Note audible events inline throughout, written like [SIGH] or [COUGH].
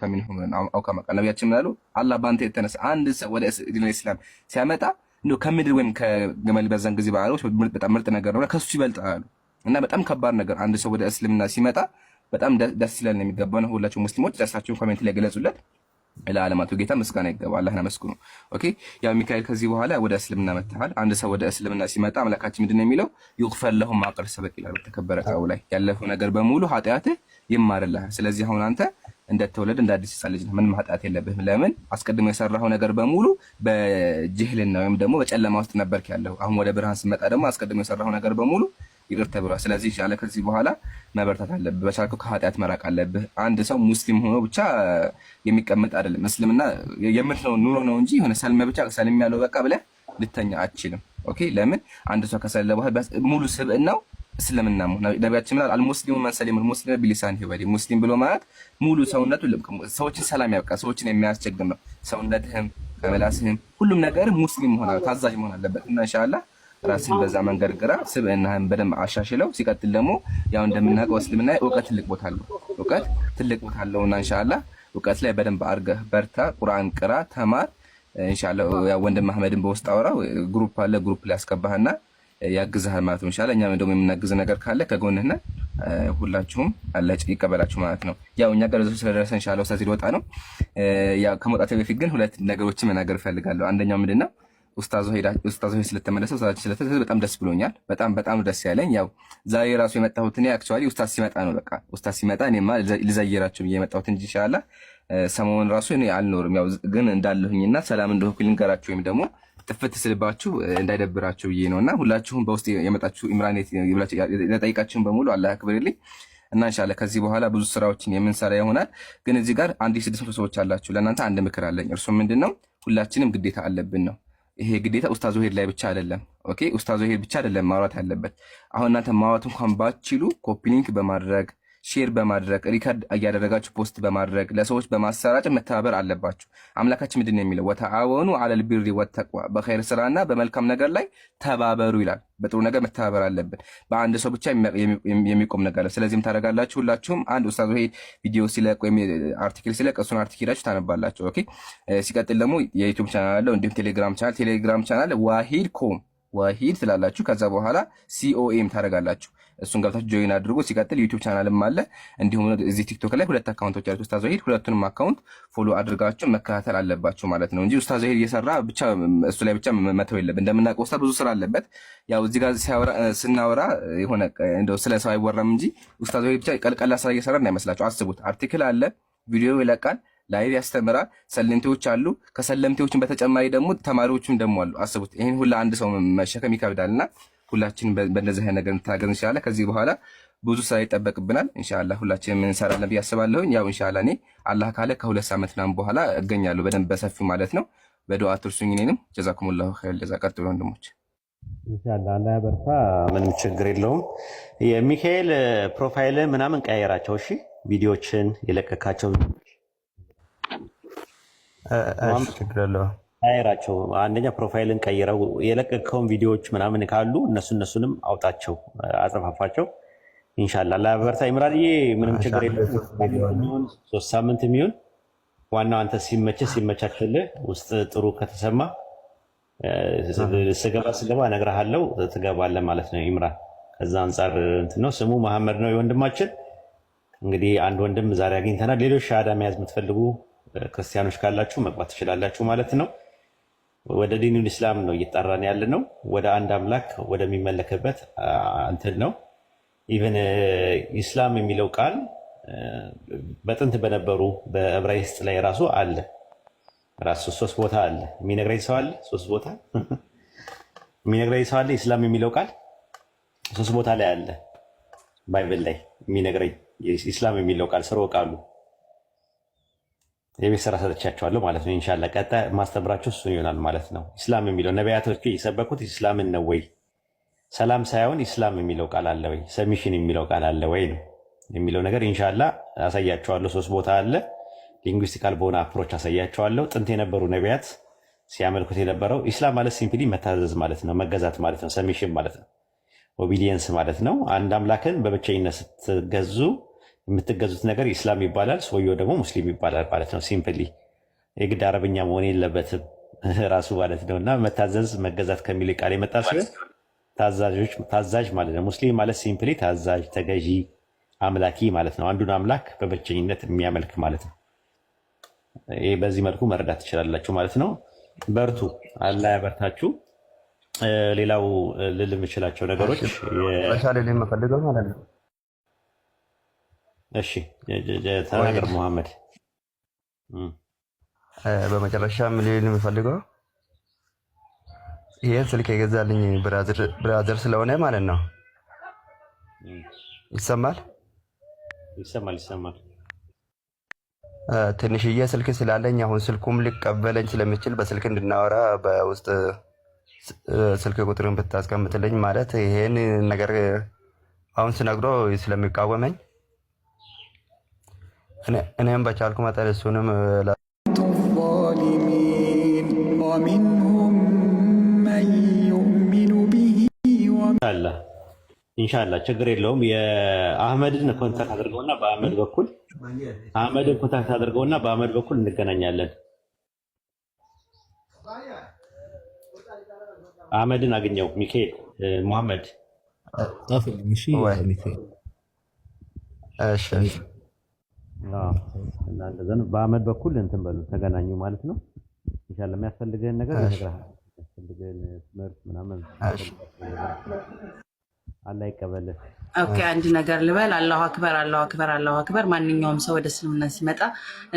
ከሚንሁም አው ከማ ነቢያችን ምን አሉ? አላህ በአንተ የተነሳ አንድ ሰው ወደ ዲን ኢስላም ሲያመጣ እንዶ ከምድር ወይም ከግመል በዛን ጊዜ ባሪያዎች በጣም ምርጥ ነገር ነው፣ ከሱ ይበልጥ አሉ። እና በጣም ከባድ ነገር አንድ ሰው ወደ እስልምና ሲመጣ በጣም ደስ ይላል ነው የሚገባው። ነው ሁላችሁ ሙስሊሞች ደሳችሁን ኮሜንት ላይ ገለጹለት። ለዓለማቱ ጌታ ምስጋና ይገባ፣ አላህን አመስግኑ። ኦኬ ያው ሚካኤል፣ ከዚህ በኋላ ወደ እስልምና መጥተሃል። አንድ ሰው ወደ እስልምና ሲመጣ አምላካችን ምንድን ነው የሚለው? ይግፈር ለሁ ማ ቀድ ሰበቅ ይላል። በተከበረ ቃሉ ላይ ያለፈው ነገር በሙሉ ኃጢአትህ ይማርልሃል። ስለዚህ አሁን አንተ እንደተወለድ እንደ አዲስ ህፃን ልጅ ምንም ኃጢአት የለብህም። ለምን አስቀድሞ የሰራኸው ነገር በሙሉ በጅህልና ወይም ደግሞ በጨለማ ውስጥ ነበርክ ያለው። አሁን ወደ ብርሃን ስመጣ ደግሞ አስቀድሞ የሰራኸው ነገር በሙሉ ይቅር ተብሏል። ስለዚህ ያለ ከዚህ በኋላ መበርታት አለብህ፣ በቻልከው ከኃጢአት መራቅ አለብህ። አንድ ሰው ሙስሊም ሆኖ ብቻ የሚቀመጥ አይደለም። እስልምና የምትለው ኑሮ ነው እንጂ የሆነ ሰልመ ብቻ ሰልም ያለው በቃ ብለህ ልተኛ አችልም። ኦኬ ለምን አንድ ሰው ከሰለ በኋላ ሙሉ ስብዕናው እስልምና ነቢያችን ምናል አልሙስሊሙ መንሰሊም ሙስሊም ቢሊሳን ሂወዲ ሙስሊም ብሎ ማለት ሙሉ ሰውነቱ ሰዎችን ሰላም ያውቃ ሰዎችን የሚያስቸግር ነው። ሰውነትህም ከመላስህም ሁሉም ነገር ሙስሊም ሆና ታዛዥ መሆን አለበት እና እንሻላ ራስን በዛ መንገድ ግራ ስብዕናህን በደንብ አሻሽለው። ሲቀጥል ደግሞ ያው እንደምናውቀው እስልምና እውቀት ትልቅ ቦታ አለው። እውቀት ትልቅ ቦታ አለው እና እንሻላ እውቀት ላይ በደንብ አድርገህ በርታ፣ ቁርአን ቅራ፣ ተማር። እንሻላ ወንድም አህመድን በውስጥ አውራ፣ ግሩፕ አለ ግሩፕ ላይ ያስገባህና ያግዝሃል ማለት ነው። ይሻላል እኛም ደግሞ የምናግዝ ነገር ካለ ከጎንህና ሁላችሁም አላጭ ይቀበላችሁ ማለት ነው። ያው እኛ ጋር ስለደረሰ እንሻላ ውስታት ሊወጣ ነው። ከመውጣት በፊት ግን ሁለት ነገሮችን መናገር እፈልጋለሁ። አንደኛው ምንድን ነው ኡስታዞ ስለተመለሰ ኡስታዞ ስለተመለሰ በጣም ደስ ብሎኛል። በጣም በጣም ደስ ያለኝ ያው ዛሬ ራሱ የመጣሁት እኔ አክቹዋሊ ኡስታዝ ሲመጣ ነው። በቃ ኡስታዝ ሲመጣ እኔማ ልዘይራችሁ ብዬ የመጣሁት እንጂ ይሻላ ሰሞኑን ራሱ እኔ አልኖርም። ያው ግን እንዳለሁኝና ሰላም እንደሆንኩ ልንገራችሁ ወይም ደግሞ ጥፍት ስልባችሁ እንዳይደብራችሁ ብዬ ነው እና ሁላችሁም በውስጥ የመጣችሁ ኢምራኔት ለጠይቃችሁን በሙሉ አላህ አክብርልኝ እና እንሻለ ከዚህ በኋላ ብዙ ስራዎችን የምንሰራ ይሆናል። ግን እዚህ ጋር አንድ ስድስት መቶ ሰዎች አላችሁ። ለእናንተ አንድ ምክር አለኝ። እርሱ ምንድን ነው? ሁላችንም ግዴታ አለብን ነው። ይሄ ግዴታ ኡስታዝ ሄድ ላይ ብቻ አይደለም። ኦኬ ኡስታዝ ሄድ ብቻ አይደለም ማውራት ያለበት። አሁን እናንተ ማውራት እንኳን ባችሉ ኮፒ ሊንክ በማድረግ ሼር በማድረግ ሪከርድ እያደረጋችሁ ፖስት በማድረግ ለሰዎች በማሰራጭ መተባበር አለባችሁ። አምላካችን ምንድን ነው የሚለው? ወተአወኑ አለል ቢሪ ወተቅዋ፣ በኸይር ስራና በመልካም ነገር ላይ ተባበሩ ይላል። በጥሩ ነገር መተባበር አለብን። በአንድ ሰው ብቻ የሚቆም ነገር አለ። ስለዚህም ታደርጋላችሁ። ሁላችሁም አንድ ኡስታዝ ሄድ ቪዲዮ ሲለቅ ወይም አርቲክል ሲለቅ እሱን አርቲክላችሁ ታነባላችሁ። ኦኬ። ሲቀጥል ደግሞ የዩቱብ ቻናል አለው፣ እንዲሁም ቴሌግራም ቻናል ቴሌግራም ቻናል ዋሂድ ኮም ዋሂድ ትላላችሁ። ከዛ በኋላ ሲኦኤም ታደርጋላችሁ እሱን ገብታችሁ ጆይን አድርጎ። ሲቀጥል ዩቲዩብ ቻናልም አለ። እንዲሁም እዚህ ቲክቶክ ላይ ሁለት አካውንቶች ያሉት ኡስታዝ ወሂድ፣ ሁለቱንም አካውንት ፎሎ አድርጋችሁ መከታተል አለባችሁ ማለት ነው እንጂ ኡስታዝ ወሂድ እየሰራ ብቻ እሱ ላይ ብቻ መተው የለብን። እንደምናውቀው ኡስታዝ ብዙ ስራ አለበት። ያው እዚህ ጋር ስናወራ የሆነ እንደው ስለ ሰው አይወራም እንጂ ኡስታዝ ወሂድ ብቻ ቀልቀላ ስራ እየሰራ እንዳይመስላችሁ። አስቡት፣ አርቲክል አለ፣ ቪዲዮ ይለቃል ላይቭ ያስተምራል። ሰለምቴዎች አሉ። ከሰለምቴዎችን በተጨማሪ ደግሞ ተማሪዎችም ደግሞ አሉ። አስቡት ይህን ሁላ አንድ ሰው መሸከም ይከብዳል እና ሁላችን በእንደዚህ አይነት ነገር እንታገዝ እንሻላ። ከዚህ በኋላ ብዙ ስራ ይጠበቅብናል እንሻላ፣ ሁላችንም እንሰራለን ብዬ አስባለሁኝ። ያው እንሻላ እኔ አላህ ካለ ከሁለት ሳምንት ምናምን በኋላ እገኛለሁ በደንብ በሰፊው ማለት ነው። በዱዓ አትርሱኝ። እኔንም ጀዛኩሙላሁ ኸይር ለዛ ቀጥሎ ወንድሞች እንሻላ አላህ በርታ። ምንም ችግር የለውም። የሚካኤል ፕሮፋይል ምናምን ቀያየራቸው። እሺ ቪዲዮችን የለቀካቸው ችግር የለውም። ቀይራቸው። አንደኛ ፕሮፋይልን ቀይረው የለቀቀውን ቪዲዮዎች ምናምን ካሉ እነሱ እነሱንም አውጣቸው፣ አጸፋፋቸው። ኢንሻላ ለበርታ ይምራልዬ፣ ምንም ችግር የለም። ሶስት ሳምንት የሚሆን ዋናው አንተ ሲመች ሲመቻችልህ ውስጥ ጥሩ ከተሰማ ስገባ ስገባ እነግርሃለሁ ትገባለህ ማለት ነው። ይምራል ከዛ አንጻር እንትን ነው። ስሙ መሐመድ ነው የወንድማችን። እንግዲህ አንድ ወንድም ዛሬ አግኝተናል። ሌሎች ሻዳ መያዝ የምትፈልጉ ክርስቲያኖች ካላችሁ መግባት ትችላላችሁ ማለት ነው። ወደ ዲኑል ኢስላም ነው እየጠራን ያለ ነው። ወደ አንድ አምላክ ወደሚመለክበት እንትን ነው። ኢቨን ኢስላም የሚለው ቃል በጥንት በነበሩ በእብራይስጥ ላይ ራሱ አለ። ራሱ ሶስት ቦታ አለ። የሚነግረኝ ሰው አለ። ሶስት ቦታ የሚነግረኝ ሰው አለ። ኢስላም የሚለው ቃል ሶስት ቦታ ላይ አለ። ባይብል ላይ የሚነግረኝ ኢስላም የሚለው ቃል ስርወ ቃሉ የቤት ስራ ሰጥቻቸዋለሁ ማለት ነው። እንሻላ ቀጣይ ማስተምራቸው እሱን ይሆናል ማለት ነው። ኢስላም የሚለው ነቢያቶች የሰበኩት ኢስላምን ነው ወይ? ሰላም ሳይሆን ኢስላም የሚለው ቃል አለ ወይ? ሰሚሽን የሚለው ቃል አለ ወይ ነው የሚለው ነገር ኢንሻላ አሳያቸዋለሁ። ሶስት ቦታ አለ። ሊንጉስቲካል በሆነ አፕሮች አሳያቸዋለሁ። ጥንት የነበሩ ነቢያት ሲያመልኩት የነበረው ኢስላም ማለት ሲምፕሊ መታዘዝ ማለት ነው፣ መገዛት ማለት ነው፣ ሰሚሽን ማለት ነው፣ ኦቢዲየንስ ማለት ነው። አንድ አምላክን በብቸኝነት ስትገዙ የምትገዙት ነገር ኢስላም ይባላል፣ ሰውየው ደግሞ ሙስሊም ይባላል ማለት ነው። ሲምፕሊ የግድ አረብኛ መሆን የለበትም [LAUGHS] ራሱ ማለት ነው። እና መታዘዝ መገዛት ከሚል ቃል የመጣ ሲሆን ታዛዥ ማለት ነው። ሙስሊም ማለት ሲምፕሊ ታዛዥ፣ ተገዢ፣ አምላኪ ማለት ነው። አንዱን አምላክ በብቸኝነት የሚያመልክ ማለት ነው። ይህ በዚህ መልኩ መረዳት ትችላላችሁ ማለት ነው። በርቱ፣ አላህ ያበርታችሁ። ሌላው ልል የምችላቸው ነገሮች የምፈልገው ማለት ነው እሺ ተናገር መሐመድ። በመጨረሻ ምን ሊል የሚፈልገው ይህን ስልክ የገዛልኝ ብራዘር ስለሆነ ማለት ነው። ይሰማል ይሰማል ይሰማል። ትንሽዬ ስልክ ስላለኝ አሁን ስልኩም ሊቀበለኝ ስለሚችል በስልክ እንድናወራ በውስጥ ስልክ ቁጥርን ብታስቀምጥልኝ ማለት ይሄን ነገር አሁን ስነግሮ ስለሚቃወመኝ እኔም በቻልኩ መጠን እሱንም ኢንሻላ ችግር የለውም። የአህመድን ኮንታክት አድርገውና በአህመድ በኩል አህመድን ኮንታክት አድርገውና በአህመድ በኩል እንገናኛለን። አህመድን አግኘው ሚካኤል ሙሐመድ እና እንደዛ ነው። በአመድ በኩል እንትን በሉ ተገናኙ ማለት ነው። ኢንሻአላህ የሚያስፈልገን ነገር ይነግርሃል። የሚያስፈልገን ትምህርት ምናምን አላህ ይቀበልህ። ኦኬ አንድ ነገር ልበል። አላሁ አክበር፣ አላሁ አክበር፣ አላሁ አክበር። ማንኛውም ሰው ወደ እስልምና ሲመጣ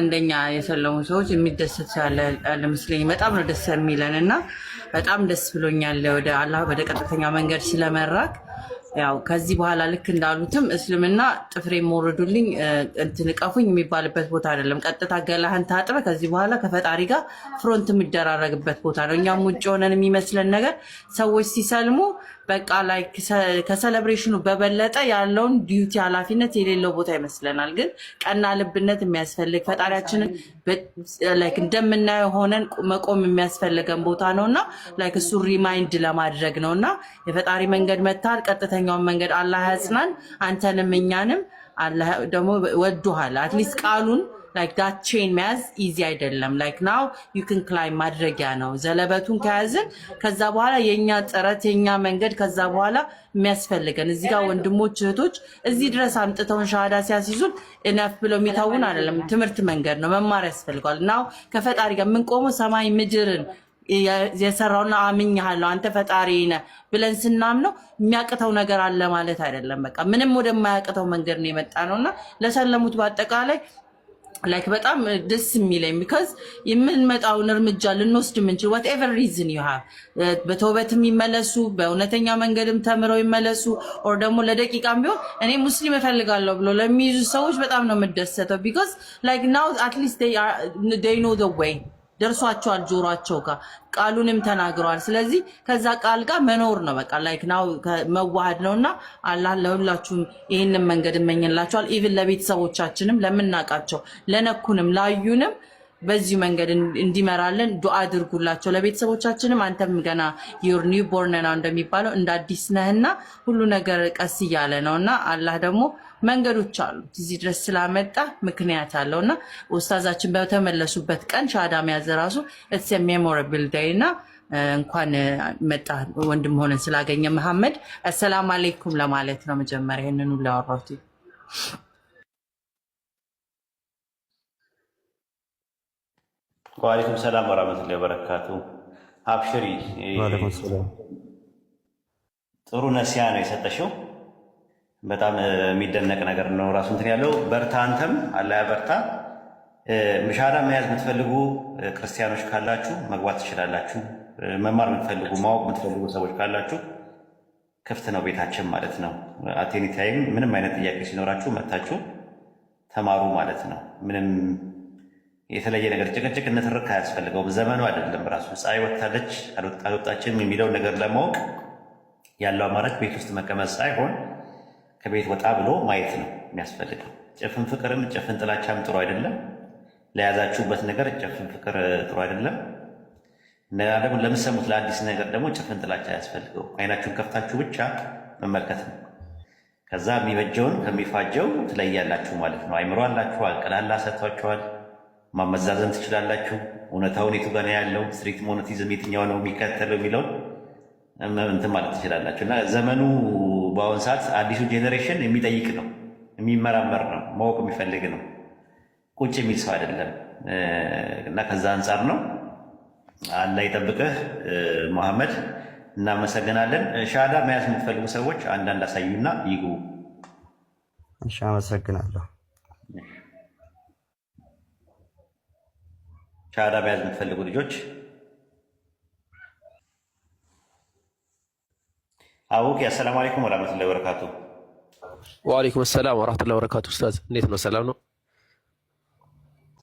እንደኛ የሰለሙ ሰዎች የሚደሰት ያለ ለምስለኝ በጣም ነው ደስ የሚለን እና በጣም ደስ ብሎኛል ወደ አላህ ወደ ቀጥተኛ መንገድ ስለመራክ ያው ከዚህ በኋላ ልክ እንዳሉትም እስልምና ጥፍሬ መውረዱልኝ እንትን የሚባልበት ቦታ አይደለም። ቀጥታ ገላህን ታጥበ ከዚህ በኋላ ከፈጣሪ ጋር ፍሮንት የሚደራረግበት ቦታ ነው። እኛም ውጭ ሆነን የሚመስለን ነገር ሰዎች ሲሰልሙ በቃ ላይ ከሰለብሬሽኑ በበለጠ ያለውን ዲዩቲ ኃላፊነት የሌለው ቦታ ይመስለናል። ግን ቀና ልብነት የሚያስፈልግ ፈጣሪያችንን እንደምናየው ሆነን መቆም የሚያስፈልገን ቦታ ነው እና ላይክ እሱ ሪማይንድ ለማድረግ ነው እና የፈጣሪ መንገድ መታል ቀጥተኛውን መንገድ አላህ ያጽናን አንተንም እኛንም ደግሞ ወዱሃል አትሊስት ቃሉን ላይክ ዳት ቼን መያዝ ኢዚ አይደለም። ላይክ ናው ዩ ክን ክላይም ማድረጊያ ነው። ዘለበቱን ከያዝን ከዛ በኋላ የኛ ጥረት የኛ መንገድ ከዛ በኋላ የሚያስፈልገን እዚህ ጋር ወንድሞች እህቶች እዚህ ድረስ አምጥተውን ሻሃዳ ሲያስይዙን እነፍ ብለው የሚታውን አይደለም። ትምህርት መንገድ ነው። መማር ያስፈልገዋል። ናው ከፈጣሪ ጋር የምንቆመው ሰማይ ምድርን የሰራውና አምኜሃለሁ አንተ ፈጣሪ ነህ ብለን ስናምነው የሚያቅተው ነገር አለ ማለት አይደለም። በቃ ምንም ወደማያቅተው መንገድ ነው የመጣ ነው እና ለሰለሙት በአጠቃላይ ላይክ በጣም ደስ የሚለኝ ቢካዝ የምንመጣውን እርምጃ ልንወስድ የምንችል ዋትኤቨር ሪዝን ዩ ሃቭ በተውበት የሚመለሱ በእውነተኛ መንገድም ተምረው ይመለሱ፣ ኦር ደግሞ ለደቂቃም ቢሆን እኔ ሙስሊም እፈልጋለሁ ብሎ ለሚይዙ ሰዎች በጣም ነው የምደሰተው ቢካዝ ላይክ ናው አትሊስት ኖ ዘ ደርሷቸዋል ጆሯቸው ጋር ቃሉንም ተናግረዋል። ስለዚህ ከዛ ቃል ጋር መኖር ነው በቃ ላይክ ናው መዋሃድ ነው እና አላህ ለሁላችሁም ይህንን መንገድ እመኝላቸዋል። ኢቭን ለቤተሰቦቻችንም ለምናውቃቸው ለነኩንም ላዩንም በዚሁ መንገድ እንዲመራለን ዱ አድርጉላቸው። ለቤተሰቦቻችንም አንተም ገና ዩር ኒው ቦርን ነው እንደሚባለው እንደ አዲስ ነህና ሁሉ ነገር ቀስ እያለ ነው እና አላህ ደግሞ መንገዶች አሉት። እዚህ ድረስ ስላመጣ ምክንያት አለው እና ኡስታዛችን በተመለሱበት ቀን ሻዳ መያዝ ራሱ እስ ሜሞራብል ዴይ እና እንኳን መጣ ወንድም ሆነን ስላገኘ መሐመድ አሰላም አሌይኩም ለማለት ነው። መጀመሪያ ይህንኑ ላወራሁት ዋሌኩም ሰላም ወራመቱላ ወበረካቱ። አብሽሪ ጥሩ ነሲያ ነው የሰጠሽው። በጣም የሚደነቅ ነገር ነው። ራሱ እንትን ያለው በርታ፣ አንተም አላያ በርታ። ምሻዳ መያዝ የምትፈልጉ ክርስቲያኖች ካላችሁ መግባት ትችላላችሁ። መማር የምትፈልጉ ማወቅ የምትፈልጉ ሰዎች ካላችሁ ክፍት ነው ቤታችን ማለት ነው። አቴኒታይም ምንም አይነት ጥያቄ ሲኖራችሁ መታችሁ ተማሩ ማለት ነው። ምንም የተለየ ነገር ጭቅጭቅ ንትርክ አያስፈልገውም። ዘመኑ አይደለም። ራሱ ፀሐይ ወታለች አልወጣችም የሚለው ነገር ለማወቅ ያለው አማራጭ ቤት ውስጥ መቀመጥ ሳይሆን ከቤት ወጣ ብሎ ማየት ነው የሚያስፈልገው። ጭፍን ፍቅርም ጭፍን ጥላቻም ጥሩ አይደለም። ለያዛችሁበት ነገር ጭፍን ፍቅር ጥሩ አይደለም። እንደገና ደግሞ ለምሰሙት ለአዲስ ነገር ደግሞ ጭፍን ጥላቻ ያስፈልገው አይናችሁን ከፍታችሁ ብቻ መመልከት ነው። ከዛ የሚበጀውን ከሚፋጀው ትለያላችሁ ማለት ነው። አይምሮ አላችኋል፣ ቀላላ ሰጥቷችኋል፣ ማመዛዘን ትችላላችሁ። እውነታውን የቱ ጋር ያለው፣ ስትሪክት ሞኖቲዝም የትኛው ነው የሚከተለው የሚለውን እንትን ማለት ትችላላችሁ እና ዘመኑ በአሁን ሰዓት አዲሱ ጄኔሬሽን የሚጠይቅ ነው፣ የሚመራመር ነው፣ ማወቅ የሚፈልግ ነው። ቁጭ የሚል ሰው አይደለም እና ከዛ አንጻር ነው። አላህ ይጠብቅህ መሐመድ፣ እናመሰግናለን። ሻዳ መያዝ የምትፈልጉ ሰዎች አንዳንድ አሳዩና ይግቡ። እሺ፣ አመሰግናለሁ። ሻሃዳ መያዝ የምትፈልጉ ልጆች አቡኪ አሰላሙ አለይኩም ወራህመቱላሂ ወበረካቱ። ወአለይኩም ሰላም ወራህመቱላሂ ወበረካቱ። ኡስታዝ እንዴት ነው? ሰላም ነው?